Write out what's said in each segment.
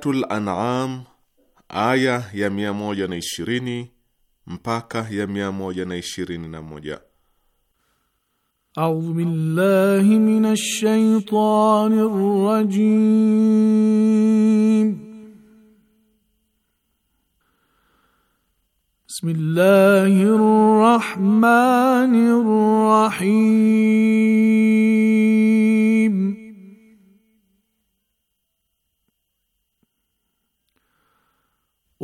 Suratul An'am aya ya 120 mpaka ya 121. A'udhu billahi minash shaitanir rajim. Bismillah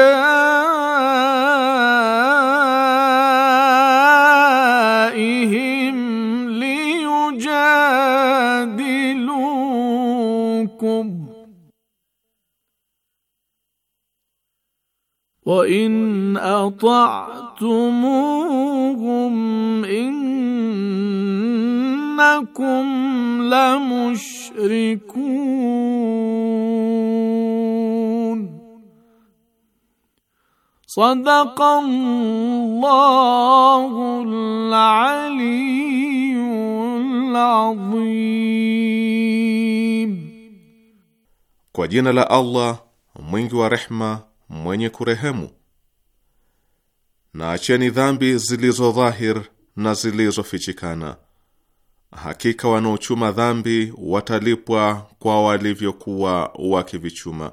أوليائهم ليجادلوكم وإن أطعتموهم إنكم لمشركون Sadaqallahul aliyyul azim. Kwa jina la Allah mwingi wa rehma mwenye kurehemu. Na acheni dhambi zilizo dhahir na zilizofichikana. Hakika wanaochuma dhambi watalipwa kwa walivyokuwa wakivichuma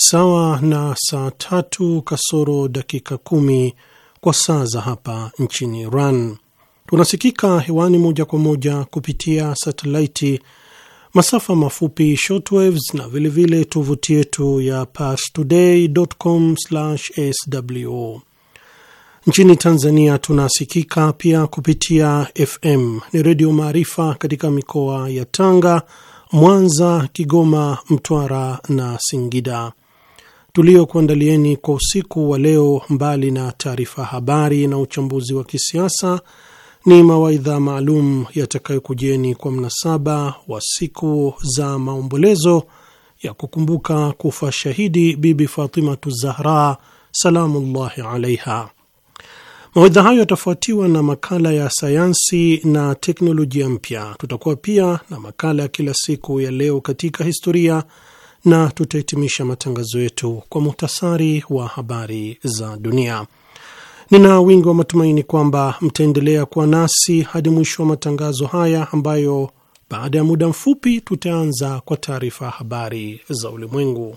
sawa na saa tatu kasoro dakika kumi kwa saa za hapa nchini Iran. Tunasikika hewani moja kwa moja kupitia satelaiti, masafa mafupi shortwaves na vilevile tovuti yetu ya parstoday.com/sw. Nchini Tanzania tunasikika pia kupitia FM ni Redio Maarifa katika mikoa ya Tanga, Mwanza, Kigoma, Mtwara na Singida tuliokuandalieni kwa usiku wa leo, mbali na taarifa habari na uchambuzi wa kisiasa, ni mawaidha maalum yatakayokujieni kwa mnasaba wa siku za maombolezo ya kukumbuka kufa shahidi Bibi Fatimatu Zahra salamullahi alaiha. Mawaidha hayo yatafuatiwa na makala ya sayansi na teknolojia mpya. Tutakuwa pia na makala ya kila siku ya leo katika historia na tutahitimisha matangazo yetu kwa muhtasari wa habari za dunia. Nina wingi wa matumaini kwamba mtaendelea kuwa nasi hadi mwisho wa matangazo haya ambayo baada ya muda mfupi tutaanza kwa taarifa ya habari za ulimwengu.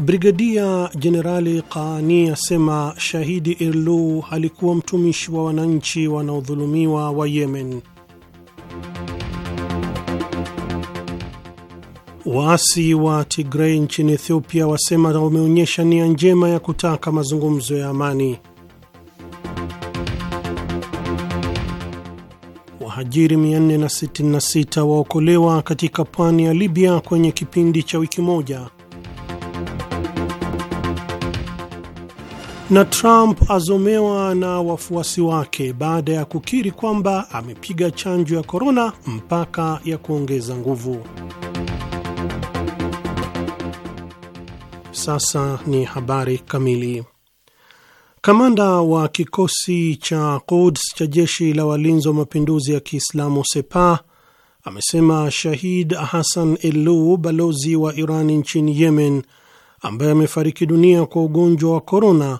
Brigadia Jenerali Qaani asema shahidi Irlu alikuwa mtumishi wa wananchi wanaodhulumiwa wa Yemen. Waasi wa Tigrei nchini Ethiopia wasema wameonyesha nia njema ya kutaka mazungumzo ya amani. Wahajiri 466 waokolewa katika pwani ya Libya kwenye kipindi cha wiki moja. na Trump azomewa na wafuasi wake baada ya kukiri kwamba amepiga chanjo ya korona mpaka ya kuongeza nguvu. Sasa ni habari kamili. Kamanda wa kikosi cha Quds cha jeshi la walinzi wa mapinduzi ya Kiislamu Sepah amesema Shahid hassan Elu, balozi wa Iran nchini Yemen, ambaye amefariki dunia kwa ugonjwa wa korona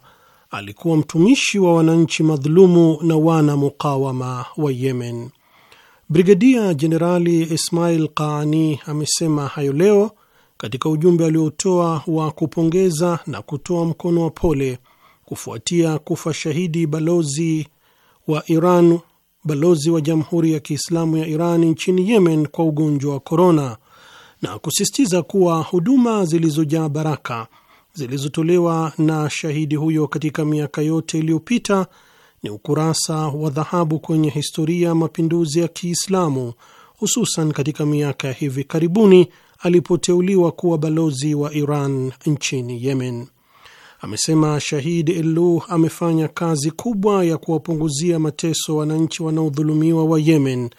alikuwa mtumishi wa wananchi madhulumu na wana mukawama wa Yemen. Brigadia Jenerali Ismail Qaani amesema hayo leo katika ujumbe aliotoa wa kupongeza na kutoa mkono wa pole kufuatia kufa shahidi balozi wa Iran, balozi wa Jamhuri ya Kiislamu ya Iran nchini Yemen kwa ugonjwa wa korona, na kusisitiza kuwa huduma zilizojaa baraka zilizotolewa na shahidi huyo katika miaka yote iliyopita ni ukurasa wa dhahabu kwenye historia ya mapinduzi ya Kiislamu, hususan katika miaka ya hivi karibuni alipoteuliwa kuwa balozi wa Iran nchini Yemen. Amesema Shahid Elu amefanya kazi kubwa ya kuwapunguzia mateso wananchi wanaodhulumiwa wa Yemen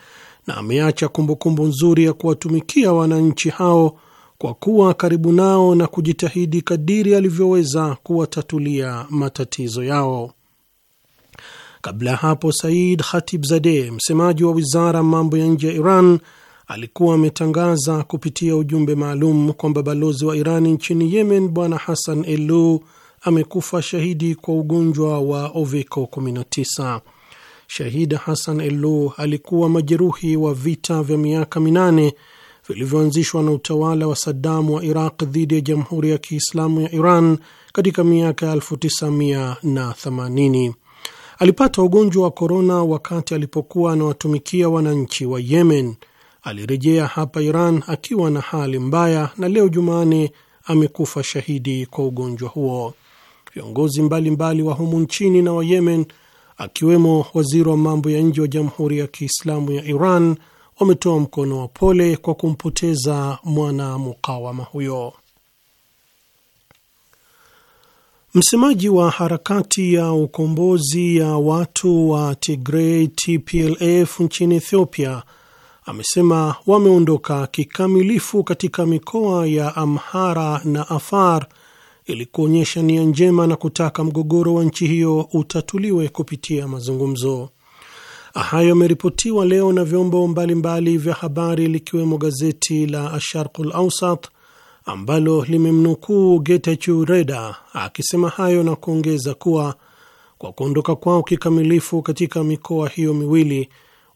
na ameacha kumbukumbu nzuri ya kuwatumikia wananchi hao kwa kuwa karibu nao na kujitahidi kadiri alivyoweza kuwatatulia matatizo yao. Kabla ya hapo, Said Khatibzadeh, msemaji wa wizara mambo ya nje ya Iran, alikuwa ametangaza kupitia ujumbe maalum kwamba balozi wa Irani nchini Yemen Bwana Hassan Elu amekufa shahidi kwa ugonjwa wa uviko 19. Shahid Hassan Elu alikuwa majeruhi wa vita vya miaka minane vilivyoanzishwa na utawala wa Saddam wa Iraq dhidi ya Jamhuri ya Kiislamu ya Iran katika miaka 1980. Alipata ugonjwa wa korona wakati alipokuwa anawatumikia wananchi wa Yemen. Alirejea hapa Iran akiwa na hali mbaya na leo Jumane amekufa shahidi kwa ugonjwa huo. Viongozi mbalimbali wa humu nchini na wa Yemen, akiwemo waziri wa mambo ya nje wa Jamhuri ya Kiislamu ya Iran wametoa mkono wa pole kwa kumpoteza mwana mukawama huyo. Msemaji wa harakati ya ukombozi ya watu wa Tigray TPLF nchini Ethiopia amesema wameondoka kikamilifu katika mikoa ya Amhara na Afar ili kuonyesha nia njema na kutaka mgogoro wa nchi hiyo utatuliwe kupitia mazungumzo. Hayo yameripotiwa leo na vyombo mbalimbali vya habari likiwemo gazeti la Asharqul Ausat ambalo limemnukuu Getachew Reda akisema hayo na kuongeza kuwa kwa kuondoka kwao kikamilifu katika mikoa hiyo miwili,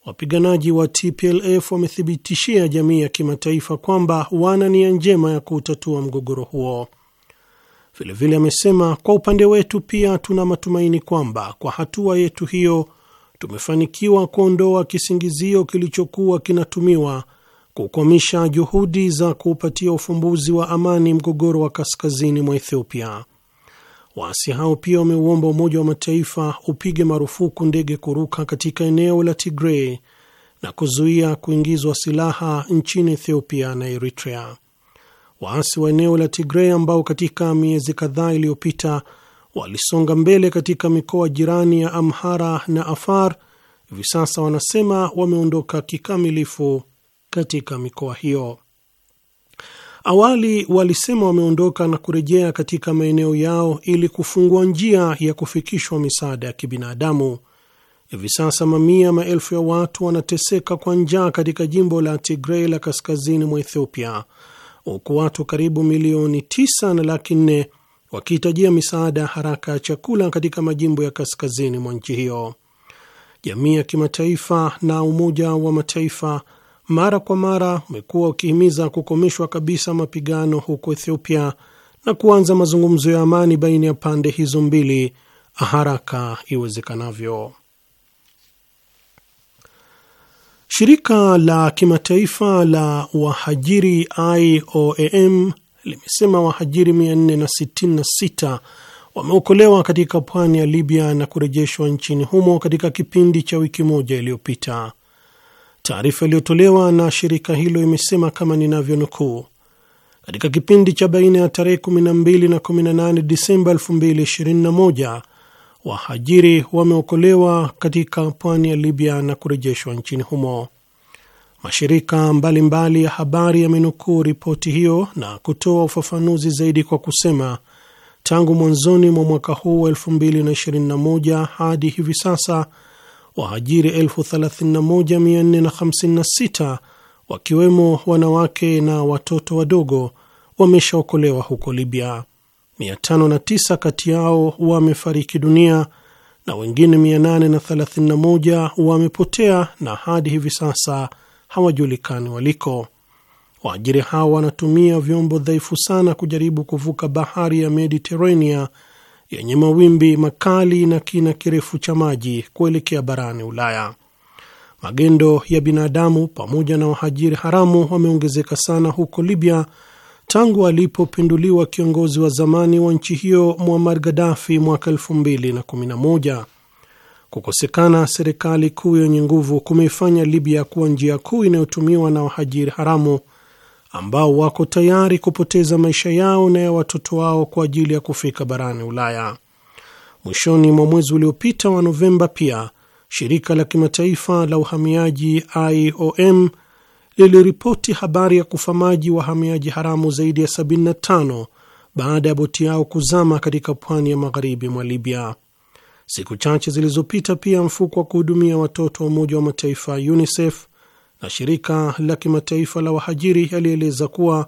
wapiganaji wa TPLF wamethibitishia jamii ya kimataifa kwamba wana nia njema ya kuutatua mgogoro huo. Vilevile amesema, kwa upande wetu pia tuna matumaini kwamba kwa hatua yetu hiyo tumefanikiwa kuondoa kisingizio kilichokuwa kinatumiwa kukwamisha juhudi za kuupatia ufumbuzi wa amani mgogoro wa kaskazini mwa Ethiopia. Waasi hao pia wameuomba Umoja wa Mataifa upige marufuku ndege kuruka katika eneo la Tigrei na kuzuia kuingizwa silaha nchini Ethiopia na Eritrea. Waasi wa eneo la Tigrei ambao katika miezi kadhaa iliyopita walisonga mbele katika mikoa jirani ya Amhara na Afar. Hivi sasa wanasema wameondoka kikamilifu katika mikoa hiyo. Awali walisema wameondoka na kurejea katika maeneo yao ili kufungua njia ya kufikishwa misaada ya kibinadamu. Hivi sasa mamia maelfu ya watu wanateseka kwa njaa katika jimbo la Tigrei la kaskazini mwa Ethiopia, huku watu karibu milioni tisa na laki nne wakihitajia misaada ya haraka ya chakula katika majimbo ya kaskazini mwa nchi hiyo. Jamii ya kimataifa na Umoja wa Mataifa mara kwa mara umekuwa ukihimiza kukomeshwa kabisa mapigano huko Ethiopia na kuanza mazungumzo ya amani baina ya pande hizo mbili haraka iwezekanavyo. Shirika la kimataifa la wahajiri IOM limesema wahajiri 466 wameokolewa katika pwani ya Libya na kurejeshwa nchini humo katika kipindi cha wiki moja iliyopita. Taarifa iliyotolewa na shirika hilo imesema kama ninavyonukuu, katika kipindi cha baina ya tarehe 12 na 18 Disemba 2021 wahajiri wameokolewa katika pwani ya Libya na kurejeshwa nchini humo. Mashirika mbalimbali mbali ya habari yamenukuu ripoti hiyo na kutoa ufafanuzi zaidi kwa kusema, tangu mwanzoni mwa mwaka huu wa 2021 hadi hivi sasa waajiri 31456 wakiwemo wanawake na watoto wadogo wameshaokolewa huko Libya. 509 kati yao wamefariki dunia na wengine 831 wamepotea na hadi hivi sasa hawajulikani waliko. Waajiri hawo wanatumia vyombo dhaifu sana kujaribu kuvuka bahari ya Mediterania yenye mawimbi makali na kina kirefu cha maji kuelekea barani Ulaya. Magendo ya binadamu pamoja na wahajiri haramu wameongezeka sana huko Libya tangu alipopinduliwa kiongozi wa zamani wa nchi hiyo Muammar Gaddafi mwaka 2011. Kukosekana serikali kuu yenye nguvu kumeifanya Libya kuwa njia kuu inayotumiwa na wahajiri haramu ambao wako tayari kupoteza maisha yao na ya watoto wao kwa ajili ya kufika barani Ulaya. Mwishoni mwa mwezi uliopita wa Novemba, pia shirika la kimataifa la uhamiaji IOM liliripoti habari ya kufamaji wahamiaji haramu zaidi ya 75 baada ya boti yao kuzama katika pwani ya magharibi mwa Libya. Siku chache zilizopita pia mfuko wa kuhudumia watoto wa Umoja wa Mataifa UNICEF na shirika la kimataifa la wahajiri yalieleza kuwa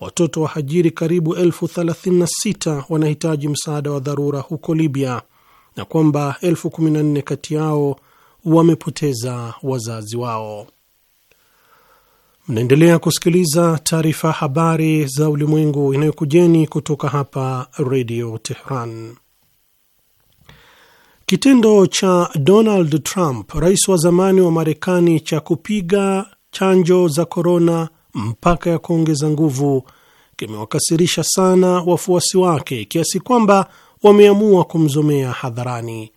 watoto wahajiri karibu elfu 36 wanahitaji msaada wa dharura huko Libya na kwamba elfu 14 kati yao wamepoteza wazazi wao. Mnaendelea kusikiliza taarifa habari za ulimwengu inayokujeni kutoka hapa Redio Tehran. Kitendo cha Donald Trump, rais wa zamani wa Marekani, cha kupiga chanjo za korona mpaka ya kuongeza nguvu kimewakasirisha sana wafuasi wake kiasi kwamba wameamua kumzomea hadharani.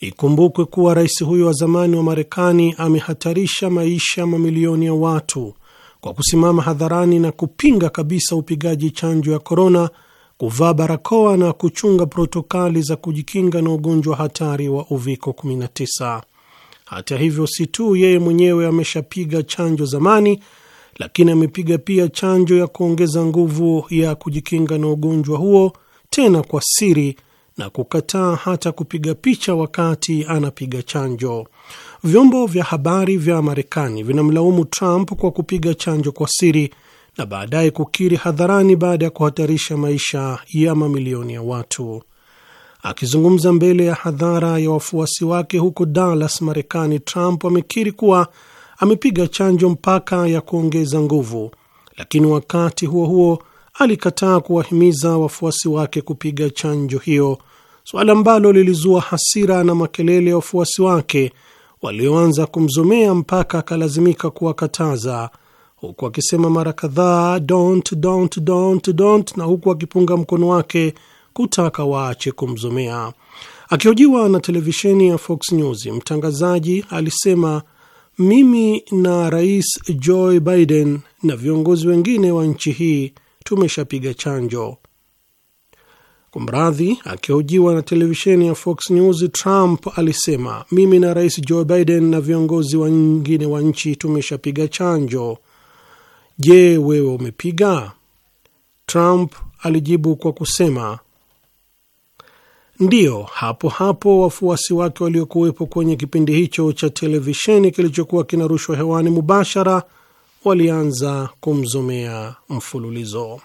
Ikumbukwe kuwa rais huyo wa zamani wa Marekani amehatarisha maisha mamilioni ya watu kwa kusimama hadharani na kupinga kabisa upigaji chanjo ya korona kuvaa barakoa na kuchunga protokali za kujikinga na ugonjwa hatari wa uviko 19. Hata hivyo, si tu yeye mwenyewe ameshapiga chanjo zamani, lakini amepiga pia chanjo ya kuongeza nguvu ya kujikinga na ugonjwa huo, tena kwa siri na kukataa hata kupiga picha wakati anapiga chanjo. Vyombo vya habari vya Marekani vinamlaumu Trump kwa kupiga chanjo kwa siri na baadaye kukiri hadharani baada ya kuhatarisha maisha ya mamilioni ya watu. Akizungumza mbele ya hadhara ya wafuasi wake huko Dallas, Marekani, Trump amekiri kuwa amepiga chanjo mpaka ya kuongeza nguvu, lakini wakati huo huo alikataa kuwahimiza wafuasi wake kupiga chanjo hiyo, suala ambalo lilizua hasira na makelele ya wafuasi wake walioanza kumzomea mpaka akalazimika kuwakataza huku akisema mara kadhaa don't, don't, don't, don't, na huku akipunga mkono wake kutaka waache kumzomea. Akihojiwa na televisheni ya Fox News, mtangazaji alisema mimi na Rais Joe Biden na viongozi wengine wa nchi hii tumeshapiga chanjo. Kumradhi, akihojiwa na televisheni ya Fox News, Trump alisema mimi na Rais Joe Biden na viongozi wengine wa nchi tumeshapiga chanjo Je, wewe umepiga? Trump alijibu kwa kusema ndiyo. Hapo hapo wafuasi wake waliokuwepo kwenye kipindi hicho cha televisheni kilichokuwa kinarushwa hewani mubashara walianza kumzomea mfululizo.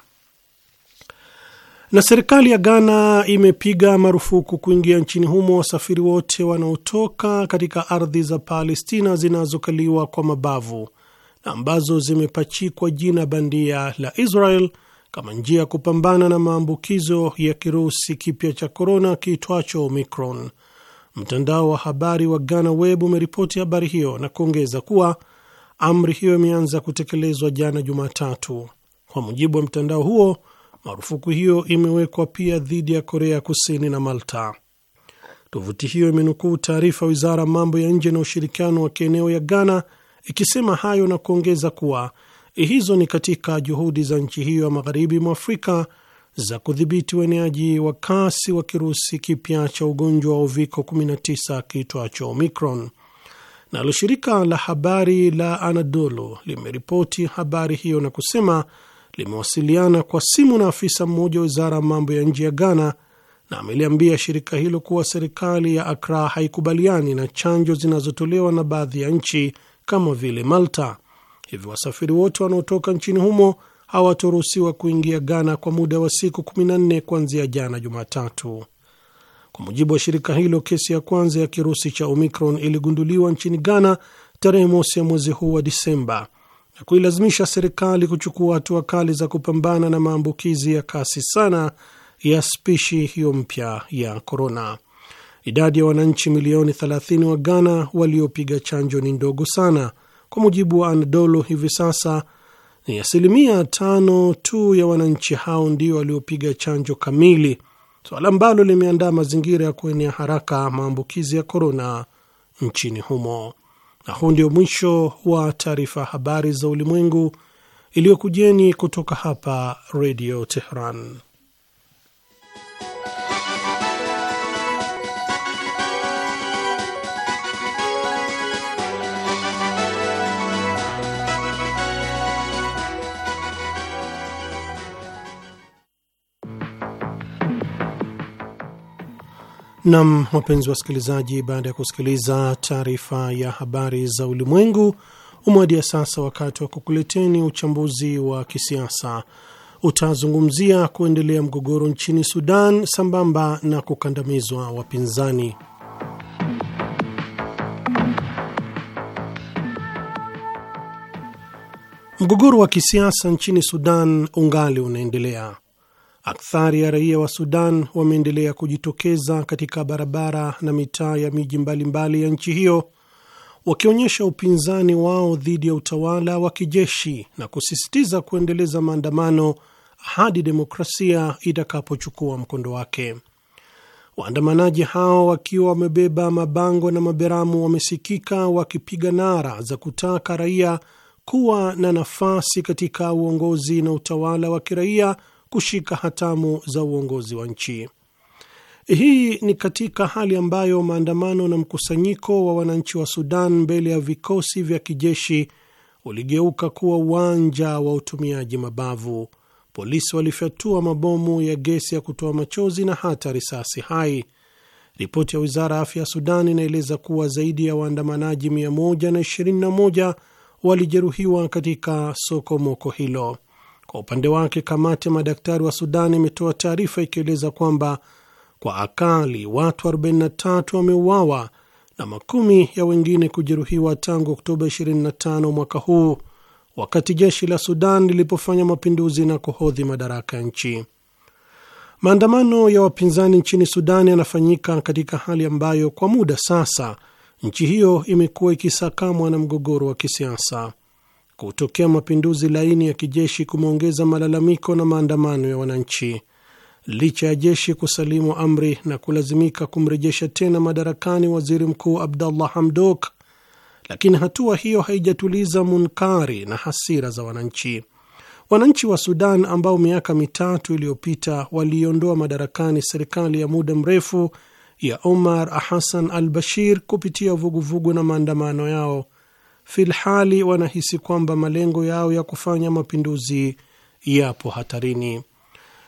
Na serikali ya Ghana imepiga marufuku kuingia nchini humo wasafiri wote wanaotoka katika ardhi za Palestina zinazokaliwa kwa mabavu na ambazo zimepachikwa jina bandia la Israel kama njia ya kupambana na maambukizo ya kirusi kipya cha korona kiitwacho Omicron. Mtandao wa habari wa Ghana Web umeripoti habari hiyo na kuongeza kuwa amri hiyo imeanza kutekelezwa jana Jumatatu. Kwa mujibu wa mtandao huo, marufuku hiyo imewekwa pia dhidi ya Korea Kusini na Malta. Tovuti hiyo imenukuu taarifa wizara mambo ya nje na ushirikiano wa kieneo ya Ghana ikisema hayo na kuongeza kuwa eh, hizo ni katika juhudi za nchi hiyo ya magharibi mwa Afrika za kudhibiti ueneaji wa kasi wa kirusi kipya cha ugonjwa wa uviko 19 kiitwacho Omicron. Nalo shirika la habari la Anadolu limeripoti habari hiyo na kusema limewasiliana kwa simu na afisa mmoja wa wizara ya mambo ya nje ya Ghana na ameliambia shirika hilo kuwa serikali ya Akra haikubaliani na chanjo zinazotolewa na baadhi ya nchi kama vile Malta. Hivyo wasafiri wote wanaotoka nchini humo hawatoruhusiwa kuingia Ghana kwa muda wa siku 14 kuanzia jana Jumatatu, kwa mujibu wa shirika hilo. Kesi ya kwanza ya kirusi cha Omicron iligunduliwa nchini Ghana tarehe mosi ya mwezi huu wa Disemba na kuilazimisha serikali kuchukua hatua kali za kupambana na maambukizi ya kasi sana ya spishi hiyo mpya ya korona. Idadi ya wananchi milioni 30 wa Ghana waliopiga chanjo ni ndogo sana. Kwa mujibu wa Anadolu, hivi sasa ni asilimia tano tu ya wananchi hao ndio waliopiga chanjo kamili, suala ambalo limeandaa mazingira ya kuenea haraka maambukizi ya korona nchini humo. Na huu ndio mwisho wa taarifa habari za ulimwengu iliyokujeni kutoka hapa Redio Teheran. Nam, wapenzi wasikilizaji, baada ya kusikiliza taarifa ya habari za ulimwengu, umewadia sasa wakati wa kukuleteni uchambuzi wa kisiasa utazungumzia kuendelea mgogoro nchini Sudan sambamba na kukandamizwa wapinzani. Mgogoro wa kisiasa nchini Sudan ungali unaendelea Akthari ya raia wa Sudan wameendelea kujitokeza katika barabara na mitaa ya miji mbalimbali ya nchi hiyo wakionyesha upinzani wao dhidi ya utawala wa kijeshi na kusisitiza kuendeleza maandamano hadi demokrasia itakapochukua mkondo wake. Waandamanaji hao wakiwa wamebeba mabango na maberamu wamesikika wakipiga nara za kutaka raia kuwa na nafasi katika uongozi na utawala wa kiraia kushika hatamu za uongozi wa nchi. Hii ni katika hali ambayo maandamano na mkusanyiko wa wananchi wa Sudan mbele ya vikosi vya kijeshi uligeuka kuwa uwanja wa utumiaji mabavu. Polisi walifyatua mabomu ya gesi ya kutoa machozi na hata risasi hai. Ripoti ya wizara ya afya ya Sudan inaeleza kuwa zaidi ya waandamanaji 121 walijeruhiwa katika sokomoko hilo. Kwa upande wake, kamati ya madaktari wa Sudan imetoa taarifa ikieleza kwamba kwa akali watu 43 wameuawa na makumi ya wengine kujeruhiwa tangu Oktoba 25 mwaka huu wakati jeshi la Sudan lilipofanya mapinduzi na kuhodhi madaraka ya nchi. Maandamano ya wapinzani nchini Sudan yanafanyika katika hali ambayo kwa muda sasa nchi hiyo imekuwa ikisakamwa na mgogoro wa kisiasa kutokea mapinduzi laini ya kijeshi kumeongeza malalamiko na maandamano ya wananchi. Licha ya jeshi kusalimu amri na kulazimika kumrejesha tena madarakani waziri mkuu Abdallah Hamdok, lakini hatua hiyo haijatuliza munkari na hasira za wananchi. Wananchi wa Sudan ambao miaka mitatu iliyopita waliiondoa madarakani serikali ya muda mrefu ya Omar Hassan al Bashir kupitia vuguvugu na maandamano yao filhali wanahisi kwamba malengo yao ya kufanya mapinduzi yapo hatarini.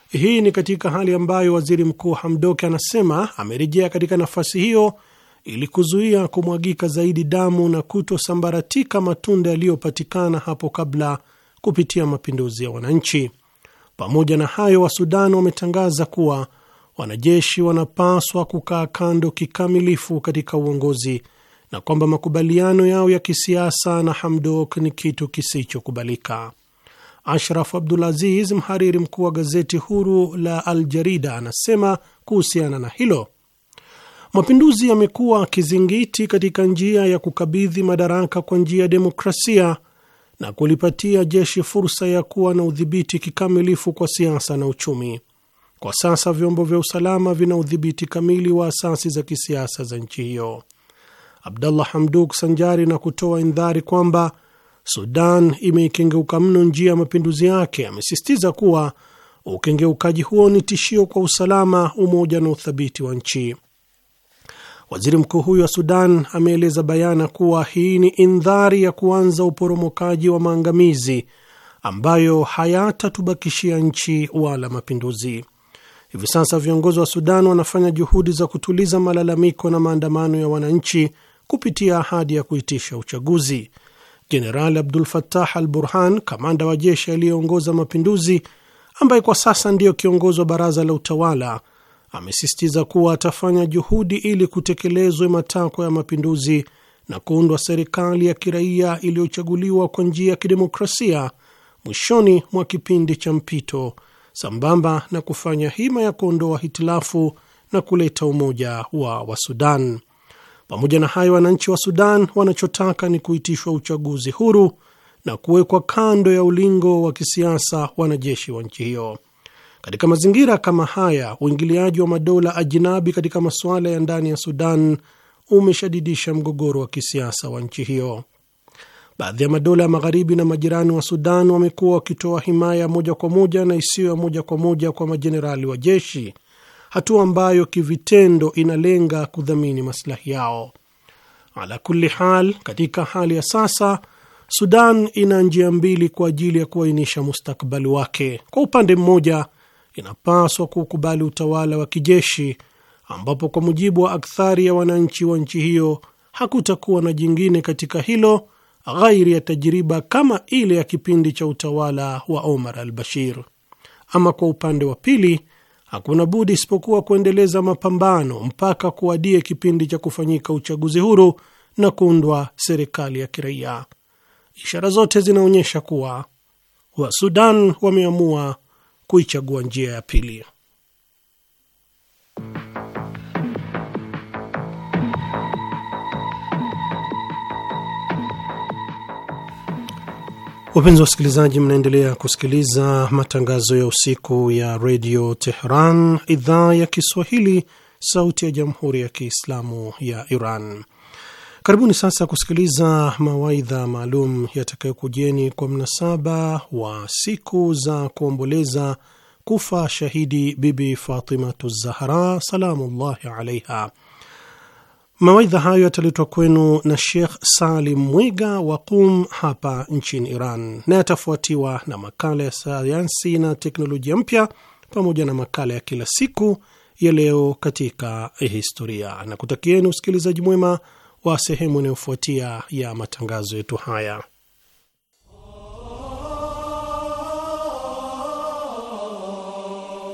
Hii ni katika hali ambayo waziri mkuu Hamdok anasema amerejea katika nafasi hiyo ili kuzuia kumwagika zaidi damu na kutosambaratika matunda yaliyopatikana hapo kabla kupitia mapinduzi ya wananchi. Pamoja na hayo, Wasudan wametangaza kuwa wanajeshi wanapaswa kukaa kando kikamilifu katika uongozi na kwamba makubaliano yao ya kisiasa na Hamdok ni kitu kisichokubalika. Ashraf Abdulaziz, mhariri mkuu wa gazeti huru la Al Jarida, anasema kuhusiana na hilo, mapinduzi yamekuwa kizingiti katika njia ya kukabidhi madaraka kwa njia ya demokrasia na kulipatia jeshi fursa ya kuwa na udhibiti kikamilifu kwa siasa na uchumi. Kwa sasa vyombo vya usalama vina udhibiti kamili wa asasi za kisiasa za nchi hiyo. Abdallah Hamduk sanjari na kutoa indhari kwamba Sudan imeikengeuka mno njia ya mapinduzi yake, amesisitiza kuwa ukengeukaji huo ni tishio kwa usalama, umoja na uthabiti wa nchi. Waziri mkuu huyo wa Sudan ameeleza bayana kuwa hii ni indhari ya kuanza uporomokaji wa maangamizi ambayo hayatatubakishia nchi wala mapinduzi. Hivi sasa viongozi wa Sudan wanafanya juhudi za kutuliza malalamiko na maandamano ya wananchi kupitia ahadi ya kuitisha uchaguzi. jenerali Abdul Fattah al Burhan, kamanda wa jeshi aliyeongoza mapinduzi, ambaye kwa sasa ndiyo kiongozi wa baraza la utawala, amesisitiza kuwa atafanya juhudi ili kutekelezwe matakwa ya mapinduzi na kuundwa serikali ya kiraia iliyochaguliwa kwa njia ya kidemokrasia mwishoni mwa kipindi cha mpito, sambamba na kufanya hima ya kuondoa hitilafu na kuleta umoja wa Wasudan. Pamoja na hayo, wananchi wa Sudan wanachotaka ni kuitishwa uchaguzi huru na kuwekwa kando ya ulingo wa kisiasa wanajeshi wa nchi hiyo. Katika mazingira kama haya, uingiliaji wa madola ajinabi katika masuala ya ndani ya Sudan umeshadidisha mgogoro wa kisiasa wa nchi hiyo. Baadhi ya madola ya magharibi na majirani wa Sudan wamekuwa wakitoa himaya moja kwa moja na isiyo ya moja kwa moja kwa majenerali wa jeshi hatua ambayo kivitendo inalenga kudhamini maslahi yao. Ala kulli hal, katika hali ya sasa Sudan ina njia mbili kwa ajili ya kuainisha mustakbali wake. Kwa upande mmoja, inapaswa kuukubali utawala wa kijeshi ambapo kwa mujibu wa akthari ya wananchi wa nchi hiyo hakutakuwa na jingine katika hilo ghairi ya tajiriba kama ile ya kipindi cha utawala wa Omar al-Bashir. Ama kwa upande wa pili hakuna budi isipokuwa kuendeleza mapambano mpaka kuadie kipindi cha kufanyika uchaguzi huru na kuundwa serikali ya kiraia. Ishara zote zinaonyesha kuwa Wasudan wameamua kuichagua njia ya pili. Wapenzi wa wasikilizaji, mnaendelea kusikiliza matangazo ya usiku ya redio Tehran, idhaa ya Kiswahili, sauti ya jamhuri ya kiislamu ya Iran. Karibuni sasa kusikiliza mawaidha maalum yatakayokujeni kwa mnasaba wa siku za kuomboleza kufa shahidi Bibi Fatimatu Zahra salamullahi alaiha Mawaidha hayo yataletwa kwenu na shekh Salim Mwiga wa Qum hapa nchini Iran, na yatafuatiwa na makala ya sayansi na teknolojia mpya pamoja na makala ya kila siku ya leo katika historia, na kutakieni usikilizaji mwema wa sehemu inayofuatia ya matangazo yetu haya.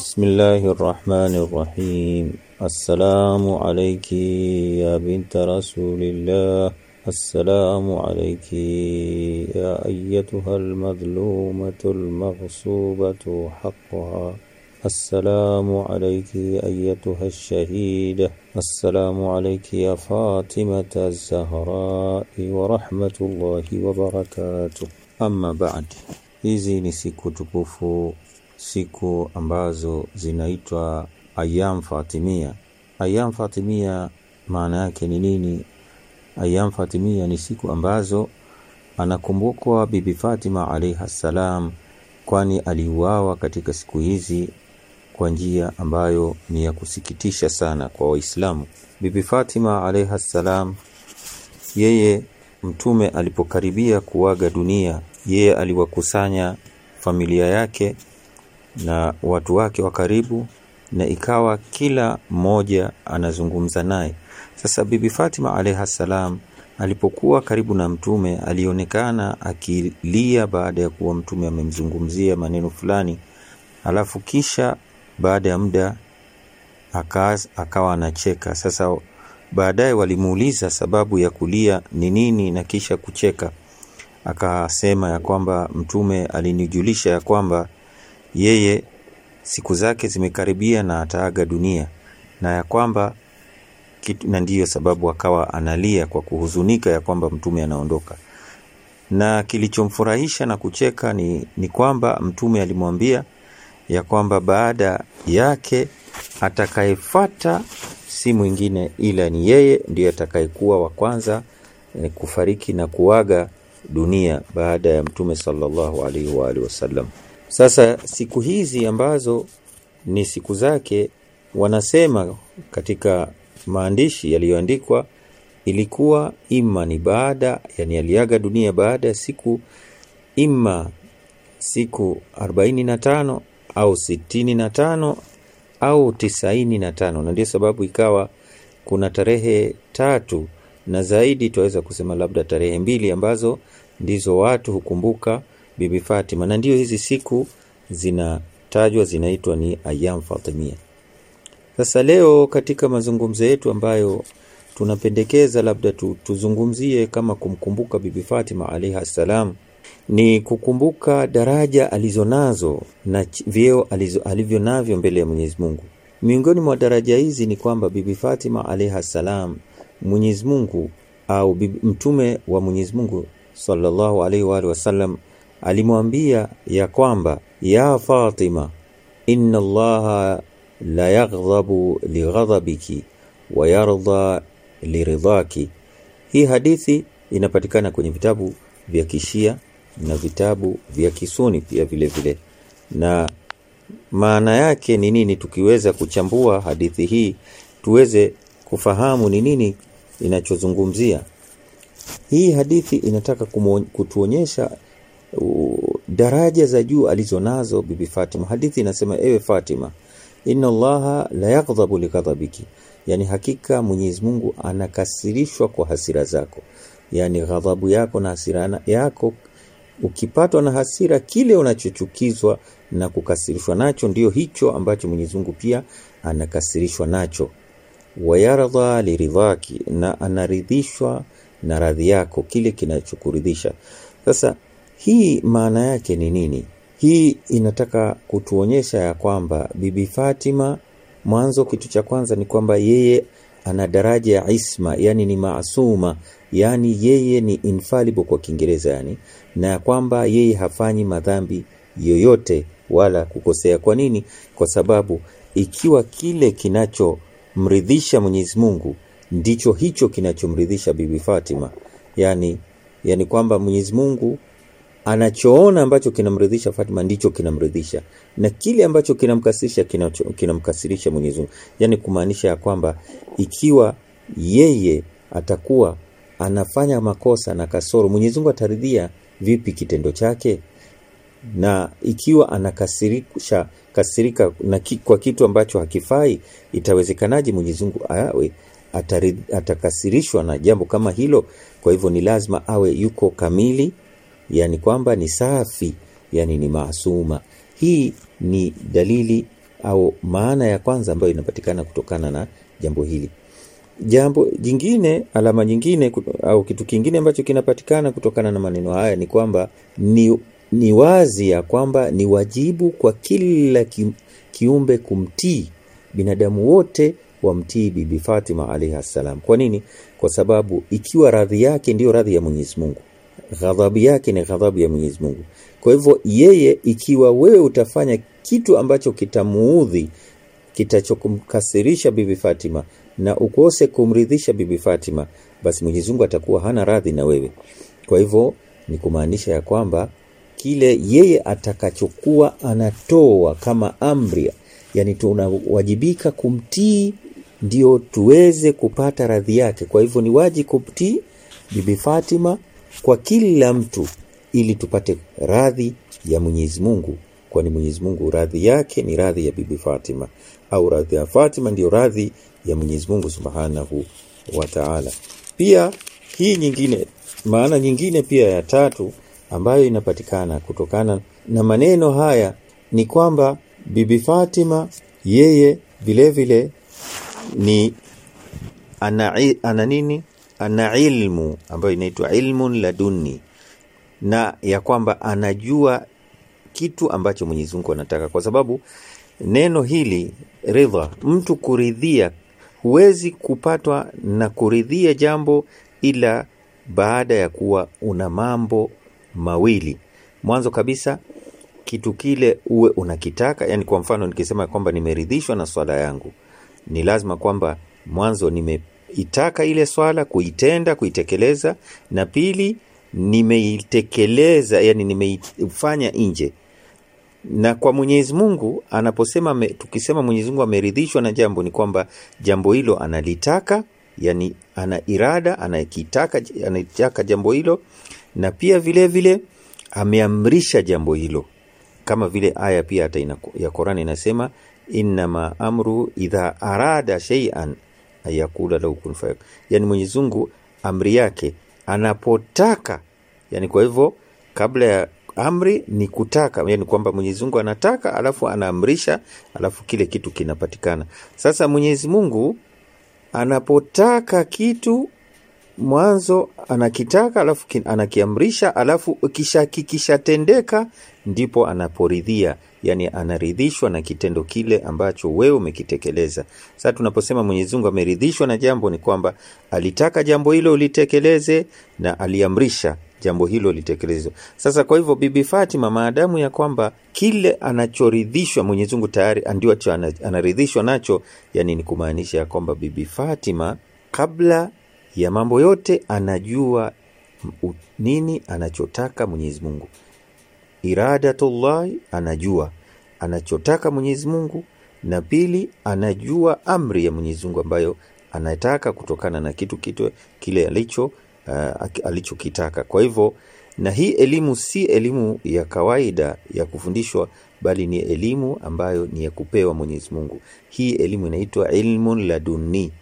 بسم الله الرحمن الرحيم السلام عليك يا بنت رسول الله السلام عليك يا أيتها المظلومة المغصوبة حقها السلام عليك أيتها الشهيدة السلام عليك يا فاطمة الزهراء ورحمة الله وبركاته أما بعد إذن ni siku ambazo zinaitwa ayam fatimia. Ayam fatimia maana yake ni nini? Ayam fatimia ni siku ambazo anakumbukwa Bibi Fatima alaiha salam, kwani aliuawa katika siku hizi kwa njia ambayo ni ya kusikitisha sana kwa Waislamu. Bibi Fatima alaiha salam, yeye Mtume alipokaribia kuaga dunia, yeye aliwakusanya familia yake na watu wake wa karibu na ikawa kila mmoja anazungumza naye. Sasa Bibi Fatima alayha salam alipokuwa karibu na mtume alionekana akilia baada ya kuwa mtume amemzungumzia maneno fulani, alafu kisha baada ya muda akawa anacheka. Sasa baadaye walimuuliza sababu ya kulia ni nini na kisha kucheka, akasema ya kwamba mtume alinijulisha ya kwamba yeye siku zake zimekaribia na ataaga dunia na ya kwamba kitu, na ndiyo sababu akawa analia kwa kuhuzunika ya kwamba mtume anaondoka na kilichomfurahisha na kucheka ni, ni kwamba mtume alimwambia ya kwamba baada yake atakayefata si mwingine ila ni yeye ndiye atakayekuwa wa kwanza eh, kufariki na kuaga dunia baada ya mtume sallallahu alaihi wa alihi wasallam. Sasa siku hizi ambazo ni siku zake, wanasema katika maandishi yaliyoandikwa ilikuwa ima ni baada, yani aliaga dunia baada ya siku ima siku 45 au 65 au 95, na ndio sababu ikawa kuna tarehe tatu na zaidi, tunaweza kusema labda tarehe mbili ambazo ndizo watu hukumbuka Bibi Fatima, na ndio hizi siku zinatajwa zinaitwa ni Ayam Fatimia. Sasa leo katika mazungumzo yetu ambayo tunapendekeza labda tu, tuzungumzie kama kumkumbuka Bibi Fatima alaiha salam ni kukumbuka daraja alizonazo na vyeo alivyo navyo mbele ya Mwenyezi Mungu. Miongoni mwa daraja hizi ni kwamba Bibi Fatima alaiha salam Mwenyezi Mungu au bibi, mtume wa Mwenyezi Mungu sallallahu alaihi wa sallam alimwambia ya kwamba ya Fatima, inna Allah la yaghdhabu lighadhabiki wa yardha liridhaki. Hii hadithi inapatikana kwenye vitabu vya Kishia na vitabu vya Kisuni pia vile vile. Na maana yake ni nini? Tukiweza kuchambua hadithi hii tuweze kufahamu ni nini inachozungumzia hii hadithi. Inataka kutuonyesha daraja za juu alizonazo Bibi Fatima. Hadithi inasema, ewe Fatima, inna Allaha la yaghdhabu likadhabiki, yani hakika Mwenyezi Mungu anakasirishwa kwa hasira zako, yani ghadhabu yako na hasira yako. Ukipatwa na hasira, kile unachochukizwa na kukasirishwa nacho ndiyo hicho ambacho Mwenyezi Mungu pia anakasirishwa nacho. Wayardha liridhaki, na anaridhishwa na radhi yako, kile kinachokuridhisha. Sasa hii maana yake ni nini? Hii inataka kutuonyesha ya kwamba Bibi Fatima mwanzo kitu cha kwanza ni kwamba yeye ana daraja ya isma, yani ni maasuma, yani yeye ni infallible kwa Kiingereza yani, na ya kwamba yeye hafanyi madhambi yoyote wala kukosea. Kwa nini? Kwa sababu ikiwa kile kinachomridhisha Mwenyezi Mungu ndicho hicho kinachomridhisha Bibi Fatima, yani yani kwamba Mwenyezi Mungu anachoona ambacho kinamridhisha Fatma ndicho kinamridhisha, na kile ambacho kinamkasirisha kinamkasirisha Mwenyezi Mungu, yani kumaanisha ya kwamba ikiwa yeye atakuwa anafanya makosa na kasoro, Mwenyezi Mungu ataridhia vipi kitendo chake? Na ikiwa anakasirisha kasirika na ki, kwa kitu ambacho hakifai, itawezekanaje Mwenyezi Mungu awe atakasirishwa na jambo kama hilo? Kwa hivyo ni lazima awe yuko kamili yani kwamba ni safi, yani ni maasuma. Hii ni dalili au maana ya kwanza ambayo inapatikana kutokana na jambo hili. Jambo jingine, alama nyingine au kitu kingine ambacho kinapatikana kutokana na maneno haya ni kwamba ni, ni wazi ya kwamba ni wajibu kwa kila ki, kiumbe kumtii binadamu wote wamtii Bibi Fatima alayhi salam. Kwa nini? Kwa sababu ikiwa radhi yake ndiyo radhi ya Mwenyezi Mungu ghadhabu yake ni ghadhabu ya Mwenyezi Mungu. Kwa hivyo yeye, ikiwa wewe utafanya kitu ambacho kitamuudhi, kitachokumkasirisha Bibi Fatima na ukose kumridhisha Bibi Fatima, basi Mwenyezi Mungu atakuwa hana radhi na wewe. Kwa hivyo ni kumaanisha ya kwamba kile yeye atakachokuwa anatoa kama amri, yani tunawajibika kumtii ndio tuweze kupata radhi yake. Kwa hivyo ni waji kumtii Bibi Fatima kwa kila mtu ili tupate radhi ya Mwenyezi Mungu kwani Mwenyezi Mungu radhi yake ni radhi ya bibi Fatima au radhi ya Fatima ndiyo radhi ya Mwenyezi Mungu Subhanahu wa Ta'ala pia hii nyingine maana nyingine pia ya tatu ambayo inapatikana kutokana na maneno haya ni kwamba bibi Fatima yeye vile vile ni ana, ana nini ana ilmu ambayo inaitwa ilmun laduni, na ya kwamba anajua kitu ambacho Mwenyezi Mungu anataka, kwa sababu neno hili ridha, mtu kuridhia, huwezi kupatwa na kuridhia jambo ila baada ya kuwa una mambo mawili. Mwanzo kabisa kitu kile uwe unakitaka, yani kwa mfano nikisema kwamba nimeridhishwa na swala yangu, ni lazima kwamba mwanzo nime itaka ile swala kuitenda kuitekeleza na pili nimeitekeleza yani nimeifanya nje na kwa mwenyezi mungu anaposema me, tukisema mwenyezi mungu ameridhishwa na jambo ni kwamba jambo hilo analitaka yani ana irada anakitaka anataka jambo hilo na pia vile vile ameamrisha jambo hilo kama vile aya pia hata ya Qur'an inasema innama amru idha arada shay'an ayakula lau kun fayakun, yani Mwenyezi Mungu amri yake anapotaka. Yani kwa hivyo kabla ya amri ni kutaka, yani kwamba Mwenyezi Mungu anataka alafu anaamrisha alafu kile kitu kinapatikana. Sasa Mwenyezi Mungu anapotaka kitu mwanzo anakitaka alafu anakiamrisha, alafu kisha kikishatendeka ndipo anaporidhia, yani anaridhishwa na kitendo kile ambacho wewe umekitekeleza. Sasa tunaposema Mwenyezi Mungu ameridhishwa na jambo, ni kwamba alitaka jambo hilo ulitekeleze na aliamrisha jambo hilo litekelezwe. Sasa kwa hivyo, Bibi Fatima, maadamu ya kwamba kile anachoridhishwa Mwenyezi Mungu tayari ndio anaridhishwa nacho, yani ni kumaanisha ya kwamba Bibi Fatima kabla ya mambo yote anajua nini anachotaka Mwenyezi Mungu. Iradatullahi anajua anachotaka Mwenyezi Mungu, na pili anajua amri ya Mwenyezi Mungu ambayo anataka kutokana na kitu kitu kile alicho uh, alichokitaka. Kwa hivyo na hii elimu si elimu ya kawaida ya kufundishwa, bali ni elimu ambayo ni ya kupewa Mwenyezi Mungu. Hii elimu inaitwa ilmun laduni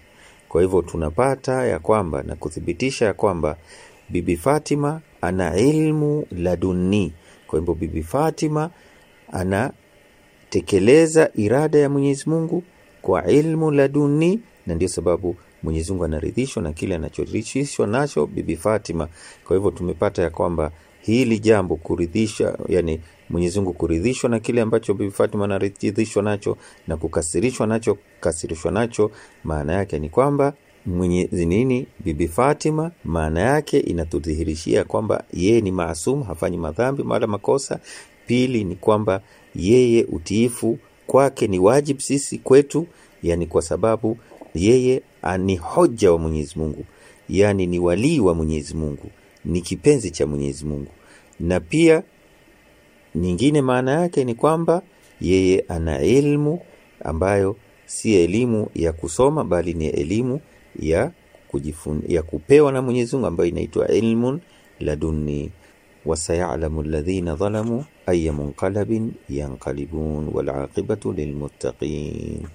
kwa hivyo tunapata ya kwamba na kuthibitisha ya kwamba Bibi Fatima ana ilmu laduni. Kwa hivyo Bibi Fatima anatekeleza irada ya Mwenyezi Mungu kwa ilmu laduni, na ndio sababu Mwenyezi Mungu anaridhishwa na kile anachoridhishwa nacho Bibi Fatima. Kwa hivyo tumepata ya kwamba hili jambo kuridhisha, yani Mwenyezi Mungu kuridhishwa na kile ambacho Bibi Fatima anaridhishwa nacho na kukasirishwa nacho kasirishwa nacho, maana yake ni kwamba Mwenyezi nini, Bibi Fatima maana yake inatudhihirishia kwamba yeye ni maasum, hafanyi madhambi wala makosa. Pili ni kwamba yeye utiifu kwake ni wajibu sisi kwetu, yani kwa sababu yeye ni hoja wa Mwenyezi Mungu, yani ni wali wa Mwenyezi Mungu, ni kipenzi cha Mwenyezi Mungu na pia nyingine maana yake ni kwamba yeye ana elimu ambayo si elimu ya kusoma bali ni elimu ya kujifun, ya kupewa na Mwenyezi Mungu ambayo inaitwa ilmun laduni wasayalamu alladhina dhalamu ayyamun munqalabin yanqalibun wal aqibatu lilmuttaqin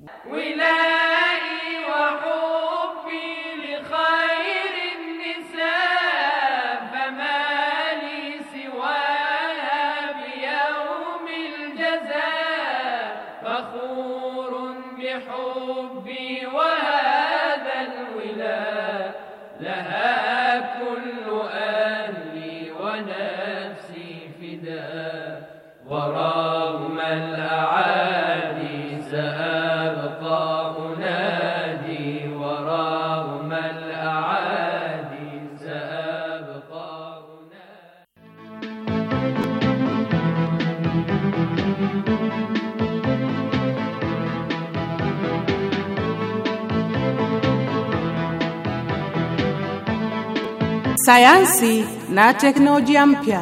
sayansi na teknolojia mpya.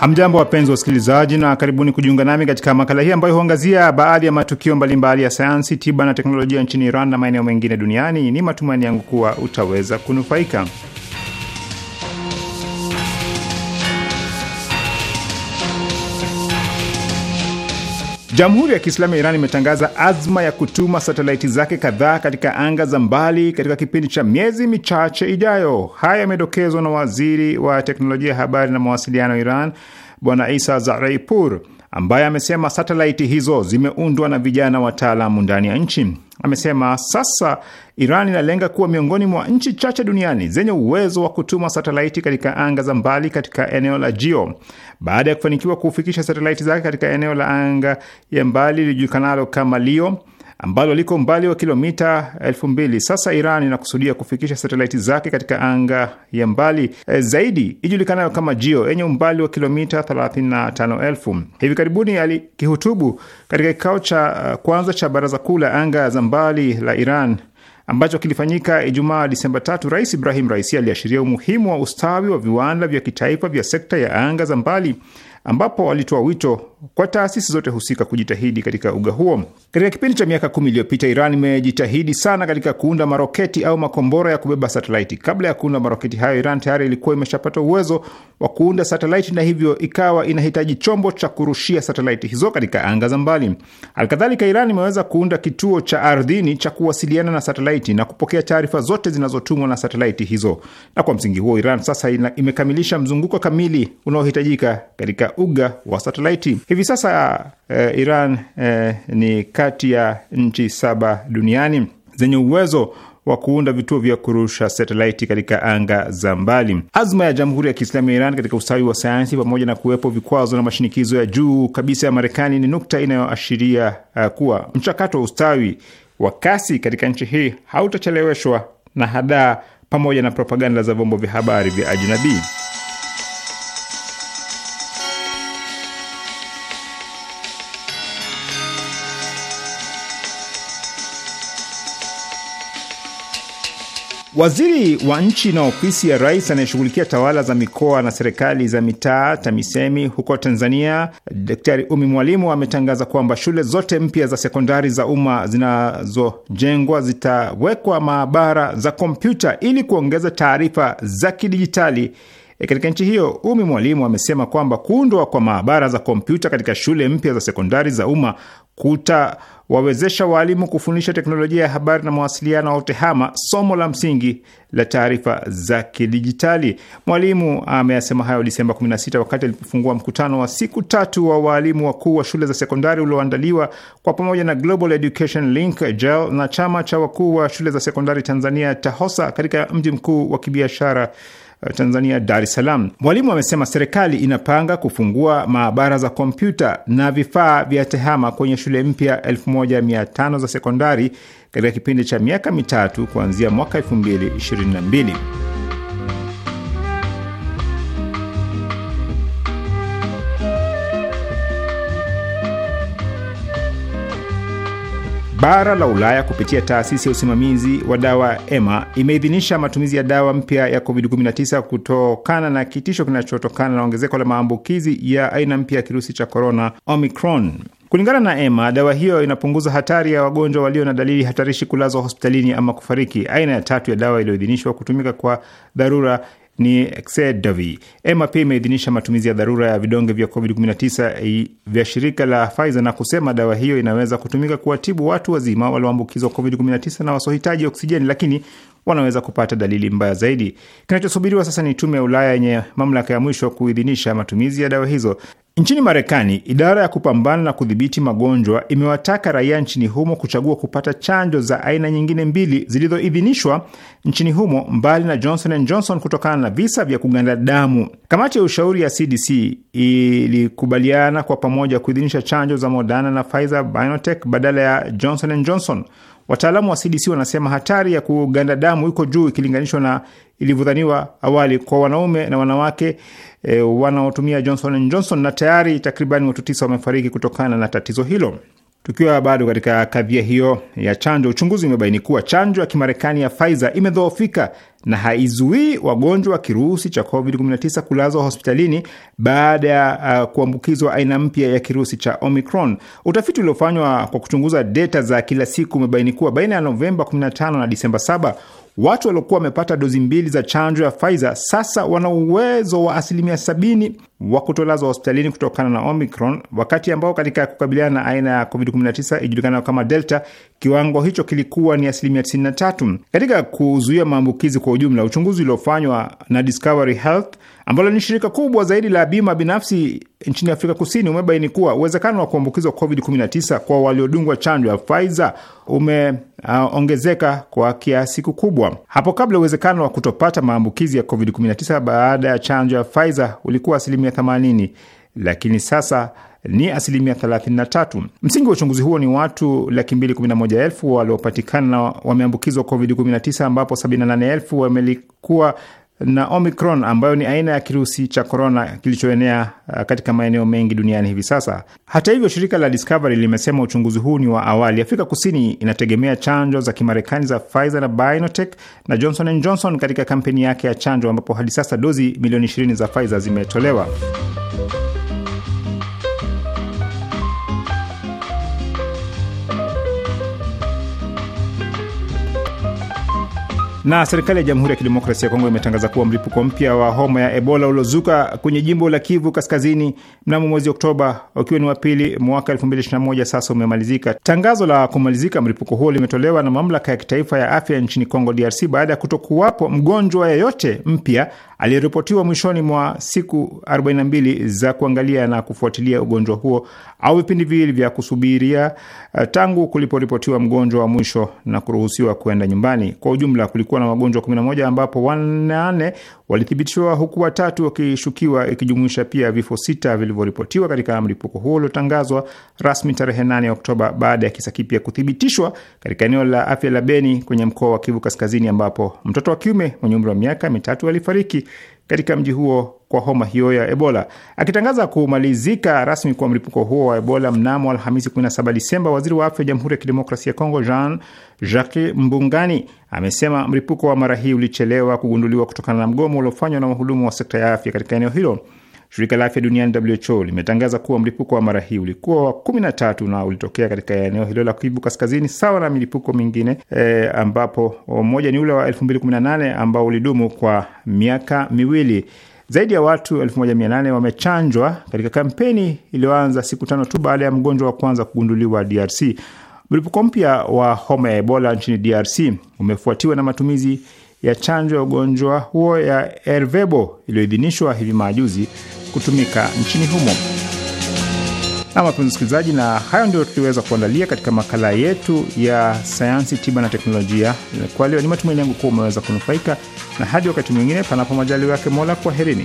Hamjambo, wapenzi wa usikilizaji, na karibuni kujiunga nami katika makala hii ambayo huangazia baadhi ya matukio mbalimbali mbali ya sayansi, tiba na teknolojia nchini Iran na maeneo mengine duniani. Ni matumaini yangu kuwa utaweza kunufaika. Jamhuri ya Kiislamu ya Iran imetangaza azma ya kutuma satelaiti zake kadhaa katika anga za mbali katika kipindi cha miezi michache ijayo. Haya yamedokezwa na waziri wa teknolojia ya habari na mawasiliano Iran Bwana Isa Zaraipur ambaye amesema satelaiti hizo zimeundwa na vijana wataalamu ndani ya nchi. Amesema sasa Iran inalenga kuwa miongoni mwa nchi chache duniani zenye uwezo wa kutuma satelaiti katika anga za mbali katika eneo la jio, baada ya kufanikiwa kufikisha satelaiti zake katika eneo la anga ya mbali lilijulikanalo kama LEO ambalo liko umbali wa kilomita elfu mbili. Sasa Iran inakusudia kufikisha satelaiti zake katika anga ya mbali e, zaidi ijulikanayo kama Jio yenye umbali wa kilomita 35,000. Hivi karibuni alikihutubu katika kikao cha eh, kwanza cha baraza kuu la anga za mbali la Iran ambacho kilifanyika Ijumaa Disemba tatu, Rais Ibrahim Raisi aliashiria umuhimu wa ustawi wa viwanda vya kitaifa vya sekta ya anga za mbali ambapo alitoa wito kwa taasisi zote husika kujitahidi katika uga huo. Katika kipindi cha miaka kumi iliyopita, Iran imejitahidi sana katika kuunda maroketi au makombora ya kubeba satelaiti. Kabla ya kuunda maroketi hayo, Iran tayari ilikuwa imeshapata uwezo wa kuunda satelaiti na hivyo ikawa inahitaji chombo cha kurushia satelaiti hizo katika anga za mbali. Halikadhalika, Iran imeweza kuunda kituo cha ardhini cha kuwasiliana na satelaiti na kupokea taarifa zote zinazotumwa na satelaiti hizo, na kwa msingi huo Iran sasa ina, imekamilisha mzunguko kamili unaohitajika katika uga wa satelaiti. Hivi sasa eh, Iran eh, ni kati ya nchi saba duniani zenye uwezo wa kuunda vituo vya kurusha satelaiti katika anga za mbali. Azma ya Jamhuri ya Kiislamu ya Iran katika ustawi wa sayansi, pamoja na kuwepo vikwazo na mashinikizo ya juu kabisa ya Marekani, ni nukta inayoashiria uh, kuwa mchakato wa ustawi wa kasi katika nchi hii hautacheleweshwa na hadaa pamoja na propaganda za vyombo vya habari vya ajnabii. Waziri wa nchi na ofisi ya rais anayeshughulikia tawala za mikoa na serikali za mitaa TAMISEMI huko Tanzania, Daktari Umi Mwalimu ametangaza kwamba shule zote mpya za sekondari za umma zinazojengwa zitawekwa maabara za kompyuta ili kuongeza taarifa za kidijitali e, katika nchi hiyo. Umi Mwalimu amesema kwamba kuundwa kwa maabara za kompyuta katika shule mpya za sekondari za umma kuta wawezesha waalimu kufundisha teknolojia ya habari na mawasiliano au TEHAMA, somo la msingi la taarifa za kidijitali. Mwalimu ameyasema hayo Disemba 16 wakati alipofungua mkutano wa siku tatu wa waalimu wakuu wa shule za sekondari ulioandaliwa kwa pamoja na Global Education Link GEL na chama cha wakuu wa shule za sekondari Tanzania TAHOSA katika mji mkuu wa kibiashara Uh, Tanzania, Dar es Salaam. Mwalimu amesema serikali inapanga kufungua maabara za kompyuta na vifaa vya tehama kwenye shule mpya 1500 za sekondari katika kipindi cha miaka mitatu kuanzia mwaka 2022. Bara la Ulaya kupitia taasisi ya usimamizi wa dawa EMA imeidhinisha matumizi ya dawa mpya ya COVID-19 kutokana na kitisho kinachotokana na ongezeko la maambukizi ya aina mpya ya kirusi cha corona Omicron. Kulingana na EMA, dawa hiyo inapunguza hatari ya wagonjwa walio na dalili hatarishi kulazwa hospitalini ama kufariki. Aina ya tatu ya dawa iliyoidhinishwa kutumika kwa dharura ni Xedovi. EMA pia imeidhinisha matumizi ya dharura ya vidonge vya COVID-19 eh, vya shirika la Pfizer na kusema dawa hiyo inaweza kutumika kuwatibu watu wazima walioambukizwa COVID-19 na wasiohitaji oksijeni, lakini wanaweza kupata dalili mbaya zaidi. Kinachosubiriwa sasa ni tume ya Ulaya yenye mamlaka ya mwisho kuidhinisha matumizi ya dawa hizo. Nchini Marekani, idara ya kupambana na kudhibiti magonjwa imewataka raia nchini humo kuchagua kupata chanjo za aina nyingine mbili zilizoidhinishwa nchini humo mbali na Johnson and Johnson kutokana na visa vya kuganda damu. Kamati ya ushauri ya CDC ilikubaliana kwa pamoja kuidhinisha chanjo za Moderna na Pfizer BioNTech badala ya Johnson and Johnson. Wataalamu wa CDC wanasema hatari ya kuganda damu iko juu ikilinganishwa na ilivyodhaniwa awali kwa wanaume na wanawake e, wanaotumia Johnson and Johnson, na tayari takriban watu tisa wamefariki kutokana na tatizo hilo. Tukiwa bado katika kadhia hiyo ya chanjo, uchunguzi umebaini kuwa chanjo ya Kimarekani ya Pfizer imedhoofika na haizuii wagonjwa wa kirusi cha COVID-19 kulazwa hospitalini baada ya uh, kuambukizwa aina mpya ya kirusi cha Omicron. Utafiti uliofanywa kwa kuchunguza data za kila siku umebaini kuwa baina ya Novemba 15 na Disemba 7 Watu waliokuwa wamepata dozi mbili za chanjo ya Pfizer sasa wana uwezo wa asilimia sabini wa kutolazwa hospitalini kutokana na Omicron, wakati ambao katika kukabiliana na aina ya COVID-19 ijulikanayo kama Delta, kiwango hicho kilikuwa ni asilimia 93. Katika kuzuia maambukizi kwa ujumla, uchunguzi uliofanywa na Discovery Health ambalo ni shirika kubwa zaidi la bima binafsi nchini Afrika Kusini umebaini kuwa uwezekano wa kuambukizwa COVID-19 kwa waliodungwa chanjo ya Pfizer umeongezeka uh, kwa kiasi kikubwa. Hapo kabla uwezekano wa kutopata maambukizi ya COVID-19 baada ya chanjo ya Pfizer ulikuwa asilimia 80, lakini sasa ni asilimia 33. Msingi wa uchunguzi huo ni watu laki mbili kumi na moja elfu waliopatikana wameambukizwa COVID-19, ambapo 78 elfu wamelikuwa na Omicron ambayo ni aina ya kirusi cha korona kilichoenea uh, katika maeneo mengi duniani hivi sasa. Hata hivyo, shirika la Discovery limesema uchunguzi huu ni wa awali. Afrika Kusini inategemea chanjo za Kimarekani za Pfizer na BioNTech na Johnson and Johnson katika kampeni yake ya chanjo, ambapo hadi sasa dozi milioni 20 za Pfizer zimetolewa. Na serikali ya Jamhuri ya Kidemokrasia ya Kongo imetangaza kuwa mlipuko mpya wa homa ya Ebola uliozuka kwenye jimbo la Kivu Kaskazini mnamo mwezi Oktoba, ukiwa ni wa pili mwaka 2021 sasa umemalizika. Tangazo la kumalizika mlipuko huo limetolewa na mamlaka ya kitaifa ya afya nchini Kongo DRC baada ya kutokuwapo mgonjwa yeyote mpya aliyeripotiwa mwishoni mwa siku 42 za kuangalia na kufuatilia ugonjwa huo au vipindi viwili vya kusubiria eh, tangu kuliporipotiwa mgonjwa wa mwisho na kuruhusiwa kuenda nyumbani. Kwa ujumla kulikuwa kulikuwa na wagonjwa 11 ambapo wanane walithibitishwa huku watatu wakishukiwa, ikijumuisha pia vifo sita vilivyoripotiwa katika mlipuko huo uliotangazwa rasmi tarehe 8 Oktoba baada ya kisa kipya kuthibitishwa katika eneo la afya la Beni kwenye mkoa wa Kivu Kaskazini, ambapo mtoto wa kiume mwenye umri wa miaka mitatu alifariki katika mji huo kwa homa hiyo ya Ebola. Akitangaza kumalizika rasmi kwa mlipuko huo wa Ebola mnamo Alhamisi 17 Disemba, waziri wa afya ya Jamhuri ya Kidemokrasia ya Kongo Jean Jacques Mbungani amesema mlipuko wa mara hii ulichelewa kugunduliwa kutokana na mgomo uliofanywa na wahudumu wa sekta ya afya katika eneo hilo. Shirika la afya duniani WHO limetangaza kuwa mlipuko wa mara hii ulikuwa wa kumi na tatu na ulitokea katika eneo hilo la Kivu Kaskazini, sawa na milipuko mingine e, ambapo mmoja ni ule wa 2018 ambao ulidumu kwa miaka miwili. Zaidi ya watu 1800 wamechanjwa katika kampeni iliyoanza siku tano tu baada ya mgonjwa wa kwanza kugunduliwa DRC. Mlipuko mpya wa homa ya Ebola nchini DRC umefuatiwa na matumizi ya chanjo ya ugonjwa huo ya Ervebo iliyoidhinishwa hivi majuzi kutumika nchini humo. mapenzi msikilizaji, na hayo ndio tuliweza kuandalia katika makala yetu ya sayansi, tiba na teknolojia kwa leo. Ni matumaini yangu kuwa umeweza kunufaika, na hadi wakati mwingine, panapo majaliwa yake Mola, kwaherini.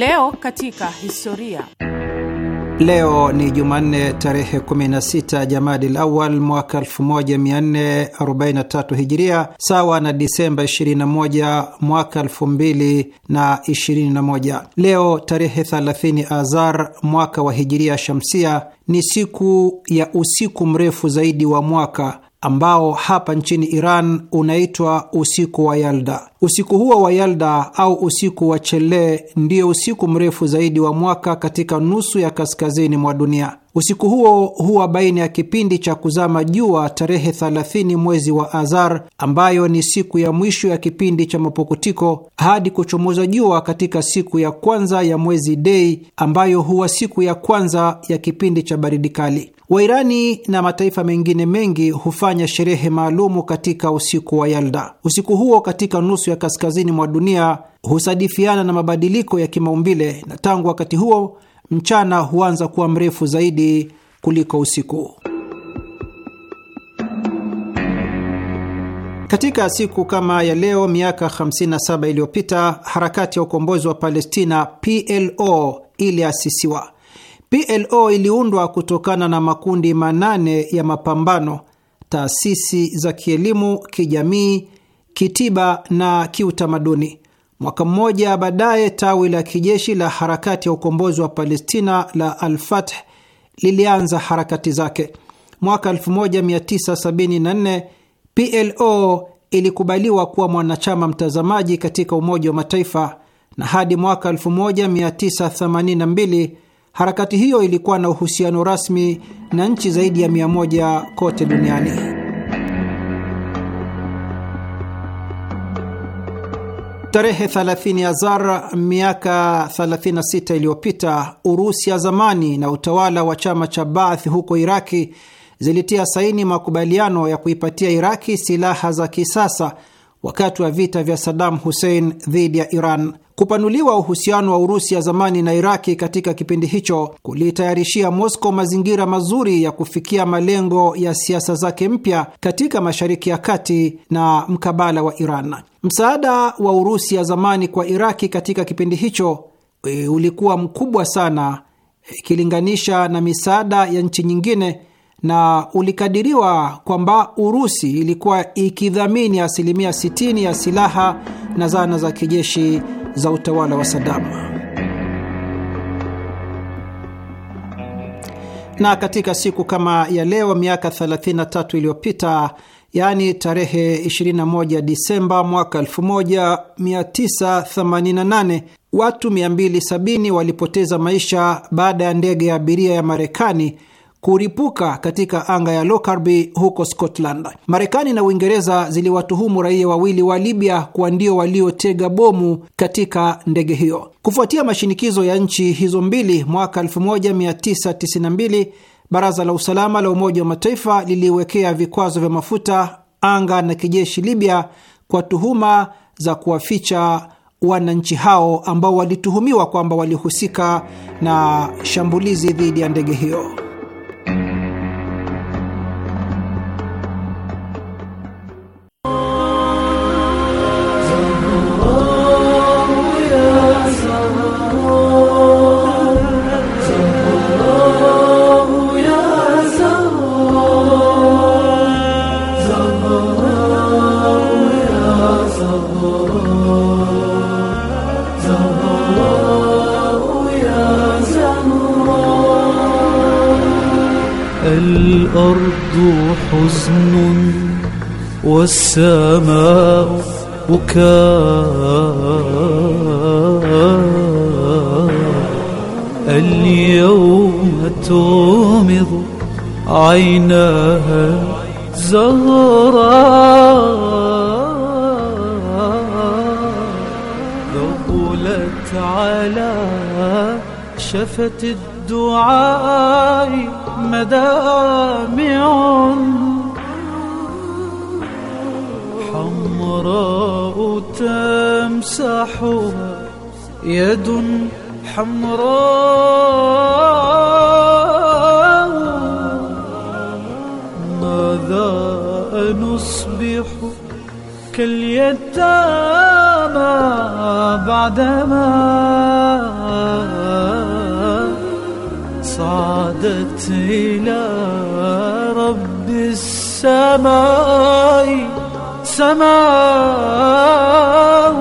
Leo katika historia. Leo ni Jumanne tarehe 16 Jamadil Awal mwaka 1443 Hijiria, sawa na Disemba 21 mwaka 2021. Leo tarehe 30 Azar mwaka wa Hijiria Shamsia ni siku ya usiku mrefu zaidi wa mwaka ambao hapa nchini Iran unaitwa usiku wa Yalda. Usiku huo wa Yalda au usiku wa Chele ndio usiku mrefu zaidi wa mwaka katika nusu ya kaskazini mwa dunia. Usiku huo huwa baina ya kipindi cha kuzama jua tarehe 30 mwezi wa Azar, ambayo ni siku ya mwisho ya kipindi cha mapukutiko, hadi kuchomoza jua katika siku ya kwanza ya mwezi Dei, ambayo huwa siku ya kwanza ya kipindi cha baridi kali. Wairani na mataifa mengine mengi hufanya sherehe maalumu katika usiku wa Yalda. Usiku huo katika nusu ya kaskazini mwa dunia husadifiana na mabadiliko ya kimaumbile, na tangu wakati huo mchana huanza kuwa mrefu zaidi kuliko usiku. Katika siku kama ya leo miaka 57 iliyopita harakati ya ukombozi wa Palestina PLO iliasisiwa. PLO iliundwa kutokana na makundi manane ya mapambano, taasisi za kielimu, kijamii, kitiba na kiutamaduni. Mwaka mmoja baadaye, tawi la kijeshi la harakati ya ukombozi wa Palestina la al lilianza harakati zake. Mwaka 1974 PLO ilikubaliwa kuwa mwanachama mtazamaji katika Umoja wa Mataifa na hadi mwaka 1982 Harakati hiyo ilikuwa na uhusiano rasmi na nchi zaidi ya mia moja kote duniani. Tarehe 30 azar miaka 36 iliyopita, Urusi ya zamani na utawala wa chama cha Baath huko Iraki zilitia saini makubaliano ya kuipatia Iraki silaha za kisasa wakati wa vita vya Saddam Hussein dhidi ya Iran. Kupanuliwa uhusiano wa Urusi ya zamani na Iraki katika kipindi hicho kulitayarishia Mosko mazingira mazuri ya kufikia malengo ya siasa zake mpya katika Mashariki ya Kati na mkabala wa Iran. Msaada wa Urusi ya zamani kwa Iraki katika kipindi hicho e, ulikuwa mkubwa sana e, ikilinganisha na misaada ya nchi nyingine na ulikadiriwa kwamba Urusi ilikuwa ikidhamini asilimia 60 ya silaha na zana za kijeshi za utawala wa Sadama. Na katika siku kama ya leo miaka 33 iliyopita, yaani tarehe 21 Disemba mwaka 1988, watu 270 walipoteza maisha baada ya ndege ya abiria ya Marekani kuripuka katika anga ya Lokarbi huko Scotland. Marekani na Uingereza ziliwatuhumu raia wawili wa Libya kuwa ndio waliotega bomu katika ndege hiyo. Kufuatia mashinikizo ya nchi hizo mbili, mwaka 1992 Baraza la Usalama la Umoja wa Mataifa liliwekea vikwazo vya mafuta, anga na kijeshi Libya kwa tuhuma za kuwaficha wananchi hao ambao walituhumiwa kwamba walihusika na shambulizi dhidi ya ndege hiyo. والسماء بكاء اليوم تغمض عيناها زهراء دخلت على شفة الدعاء مدار تمسحها يد حمراء ماذا نصبح كاليتامى بعدما صعدت إلى رب السماء السماء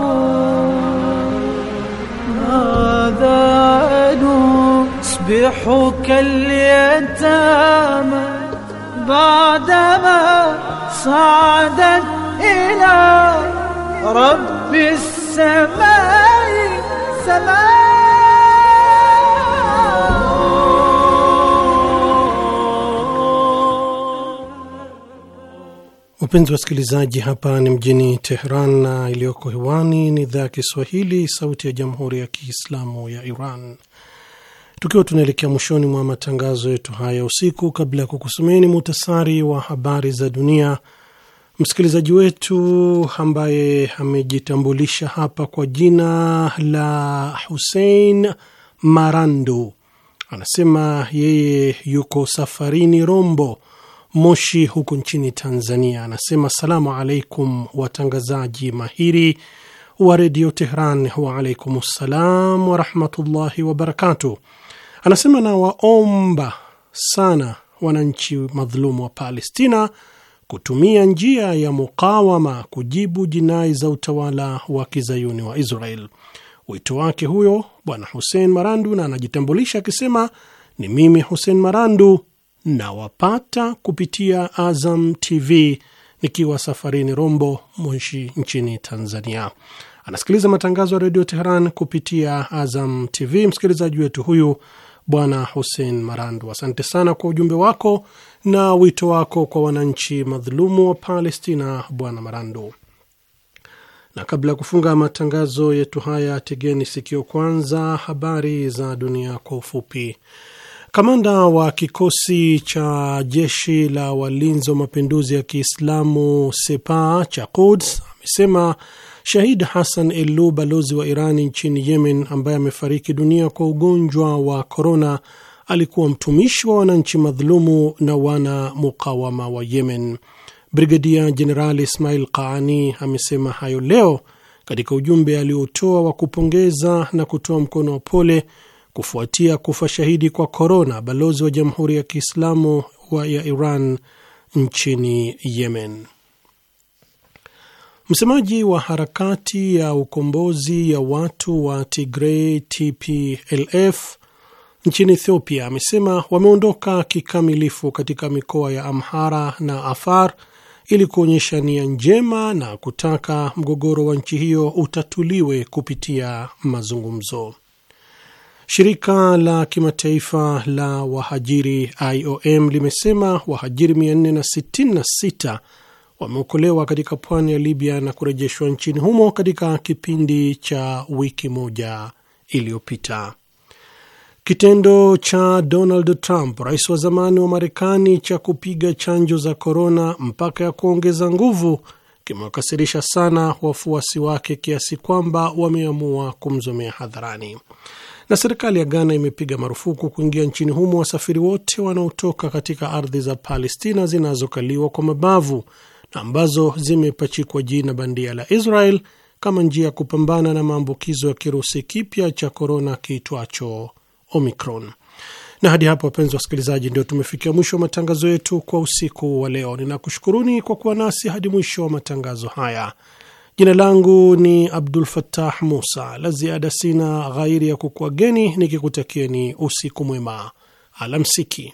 ماذا نصبح كاليتامى بعدما صعدت إلى رب السماء سماء Wapenzi wasikilizaji, hapa ni mjini Teheran na iliyoko hewani ni idhaa ya Kiswahili, sauti ya jamhuri ya kiislamu ya Iran. Tukiwa tunaelekea mwishoni mwa matangazo yetu haya usiku, kabla ya kukusomeni muhtasari wa habari za dunia, msikilizaji wetu ambaye amejitambulisha hapa kwa jina la husein Marandu anasema yeye yuko safarini Rombo Moshi huku nchini Tanzania, anasema salamu alaikum, watangazaji mahiri wa redio Tehran. Waalaikum ssalam warahmatullahi wabarakatuh. Anasema nawaomba sana wananchi madhulumu wa Palestina kutumia njia ya mukawama kujibu jinai za utawala wa kizayuni wa Israel. Wito wake huyo Bwana Hussein Marandu, na anajitambulisha akisema ni mimi Hussein Marandu nawapata kupitia Azam TV nikiwa safarini Rombo, Moshi nchini Tanzania. Anasikiliza matangazo ya redio Teheran kupitia Azam TV. Msikilizaji wetu huyu Bwana Hussein Marandu, asante sana kwa ujumbe wako na wito wako kwa wananchi madhulumu wa Palestina, Bwana Marandu. Na kabla ya kufunga matangazo yetu haya, tegeni sikio kwanza habari za dunia kwa ufupi. Kamanda wa kikosi cha jeshi la walinzi wa mapinduzi ya Kiislamu Sepa cha Quds amesema Shahid Hassan Ellu, balozi wa Irani nchini Yemen, ambaye amefariki dunia kwa ugonjwa wa korona, alikuwa mtumishi wa wananchi madhulumu na wana mukawama wa Yemen. Brigadia Jenerali Ismail Qaani amesema hayo leo katika ujumbe aliotoa wa kupongeza na kutoa mkono wa pole kufuatia kufa shahidi kwa korona balozi wa Jamhuri ya Kiislamu ya Iran nchini Yemen. Msemaji wa harakati ya ukombozi ya watu wa tigrei TPLF nchini Ethiopia amesema wameondoka kikamilifu katika mikoa ya Amhara na Afar ili kuonyesha nia njema na kutaka mgogoro wa nchi hiyo utatuliwe kupitia mazungumzo. Shirika la kimataifa la wahajiri IOM limesema wahajiri 466 wameokolewa katika pwani ya Libya na kurejeshwa nchini humo katika kipindi cha wiki moja iliyopita. Kitendo cha Donald Trump, rais wa zamani wa Marekani, cha kupiga chanjo za korona mpaka ya kuongeza nguvu kimewakasirisha sana wafuasi wake kiasi kwamba wameamua kumzomea hadharani. Na serikali ya Ghana imepiga marufuku kuingia nchini humo wasafiri wote wanaotoka katika ardhi za Palestina zinazokaliwa kwa mabavu na ambazo zimepachikwa jina bandia la Israel kama njia ya kupambana na maambukizo ya kirusi kipya cha korona kiitwacho Omicron. Na hadi hapa, wapenzi wa wasikilizaji, ndio tumefikia mwisho wa matangazo yetu kwa usiku wa leo. Ninakushukuruni kwa kuwa nasi hadi mwisho wa matangazo haya. Jina langu ni Abdul Fattah Musa. La ziada sina ghairi ya kukuageni nikikutakieni usiku mwema, alamsiki.